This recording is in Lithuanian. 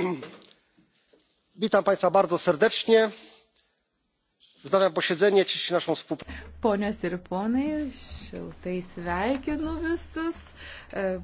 witam państwa bardzo serdecznie wznawiam posiedzenie cieszę się naszą współpracą. ponios ir ponai šiltai sveikinu visus e,